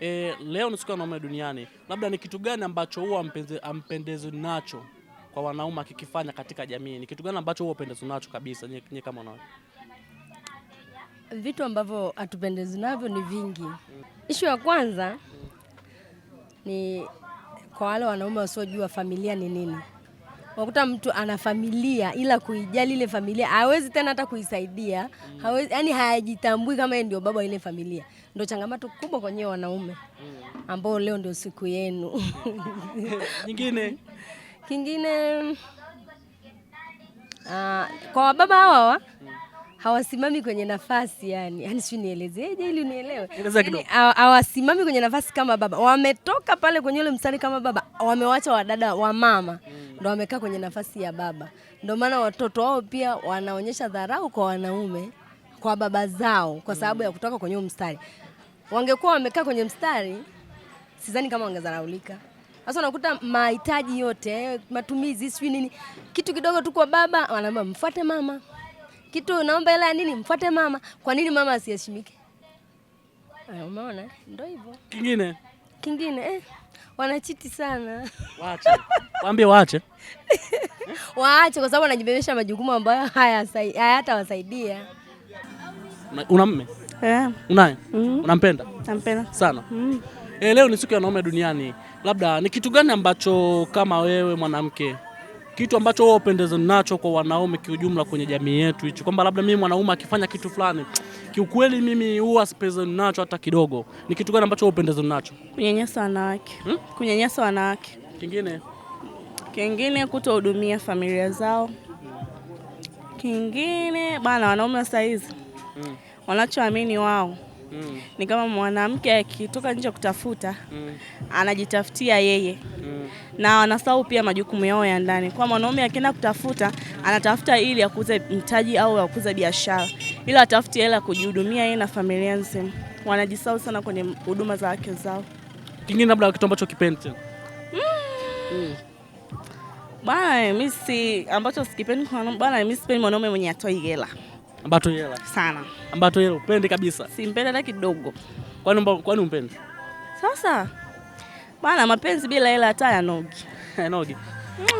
e, leo ni siku ya wanaume duniani, labda ni kitu gani ambacho huwa ampendezi nacho kwa wanaume akikifanya katika jamii? Ni kitu gani ambacho huwa upendezwi nacho kabisa nye kama wanaume? Vitu ambavyo hatupendezi navyo ni vingi. Ishu ya kwanza ni kwa wale wanaume wasiojua familia ni nini unakuta mtu ana familia ila kuijali ile familia hawezi tena hata kuisaidia, mm. hawezi yani, hayajitambui kama yeye ndio baba ile familia. Ndio changamoto kubwa kwenye wanaume mm. ambao leo ndio siku yenu. Nyingine kingine, uh, kwa wababa hawa mm. hawasimami kwenye nafasi yani, yani si nielezeje ili unielewe, hawasimami yani, kwenye nafasi kama baba, wametoka pale kwenye ule mstari kama baba, wamewacha wadada wa mama mm ndo wamekaa kwenye nafasi ya baba. ndo maana watoto wao pia wanaonyesha dharau kwa wanaume, kwa baba zao, kwa mm. sababu ya kutoka kwenye mstari. Wangekuwa wamekaa kwenye mstari, sidhani kama wangezaraulika. Sasa unakuta mahitaji yote, matumizi, sijui nini, kitu kidogo tu kwa baba anaomba mfuate mama, kitu naomba hela ya nini, mfuate mama. Kwa nini mama asiheshimike? Ah, umeona, ndo hivyo. Kingine kingine eh. Wanachiti sana. Waache. Waambie waache. Waache kwa sababu wanajibebesha majukumu ambayo hayatawasaidia. Una mme? Yeah. Unaye? Mm. Unampenda? Nampenda. Sana. Mm. Eh, leo ni siku ya wanaume duniani. Labda ni kitu gani ambacho kama wewe mwanamke kitu ambacho wewe upendezwe nacho kwa wanaume kiujumla kwenye jamii yetu hichi, kwamba labda mimi mwanaume akifanya kitu fulani Kiukweli mimi huwa sipendezwi nacho hata kidogo. Ni kitu gani ambacho hupendezwi nacho? Kunyanyasa wanawake hmm? Kunyanyasa wanawake. Kingine kingine kutohudumia familia zao. Kingine bana, wanaume sasa hizi hmm. wanachoamini wao Mm. Ni kama mwanamke akitoka nje kutafuta mm. anajitafutia yeye mm. na wanasahau pia majukumu yao ya ndani. Kwa mwanaume akienda kutafuta, anatafuta ili akuze mtaji au akuze biashara, ila atafuti hela kujihudumia yeye na familia nzima. Wanajisahau sana kwenye huduma za wake zao. Kingine labda kitu ambacho kipenzi tena mm. mm. mimi si ambacho sikipendi kwa bana mimi sipendi mwanaume mwenye atoi hela. Ambato hela. Sana. Ambato hela upende kabisa. Simpendi hata kidogo. Kwani kwani umpendi? Sasa. Bana mapenzi bila hela hata yanogi. Yanogi.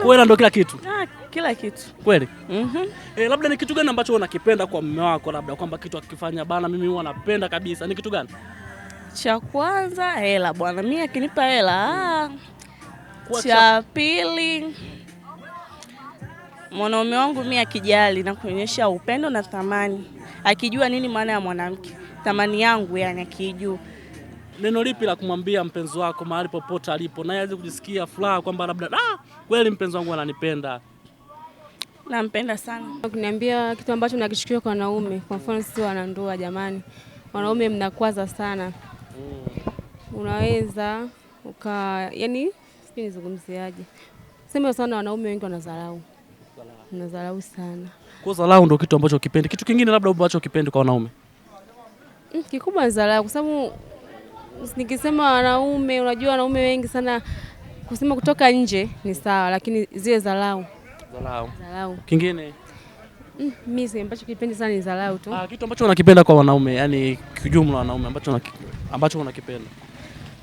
Wewe ndo kila kitu. Ah, kila kitu. Kweli? Mhm. Mm eh, labda ni kitu gani ambacho unakipenda kwa mume wako labda kwamba kitu akifanya bana mimi huwa napenda kabisa. Ni kitu gani? Cha kwanza hela bwana. Mimi akinipa hela. Ah, cha pili mwanaume wangu mimi akijali na kuonyesha upendo na thamani, akijua nini maana ya mwanamke, thamani yangu yani akijua. Neno lipi la kumwambia mpenzi wako mahali popote alipo, naye aweze kujisikia furaha kwamba labda ah, kweli mpenzi wangu ananipenda? Nampenda sana. Ukiniambia kitu ambacho nakichukia kwa wanaume, kwa mfano sisi wanandoa, jamani, wanaume mnakwaza sana mm. Unaweza uka yani, sijui nizungumziaje, sema sana, wanaume wengi wanadharau, wanadharau sana. Kwa ndio kitu ambacho ukipendi. Kitu kingine labda ambacho ukipendi kwa wanaume mm, kikubwa ni dharau, kwa sababu nikisema wanaume, unajua wanaume wengi sana kusema kutoka nje ni sawa, lakini zile dharau dharau dharau. Kingine mimi mm, ambacho kipendi sana ni dharau tu. Ah, kitu ambacho unakipenda kwa wanaume, yani kijumla wanaume ambacho ambacho unakipenda.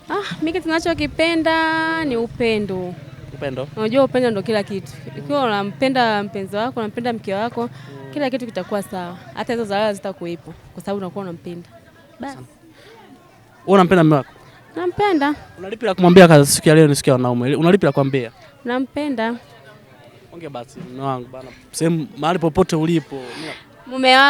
Ah, mimi kitu ninachokipenda ni upendo. Upendo. Unajua upendo ndio kila kitu. Ikiwa mm. unampenda mpenzi wako, unampenda mke wako, mm. kila kitu kitakuwa sawa. Hata hizo dharau zitakuwepo kwa sababu unakuwa unampenda. Basi. Wewe unampenda mke wako? Nampenda. Unalipi la kumwambia siku ya leo ni siku ya wanaume? Unalipi la kumwambia? Nampenda. Ongea basi mume wangu bana. Sehemu mahali popote ulipo. Mume wangu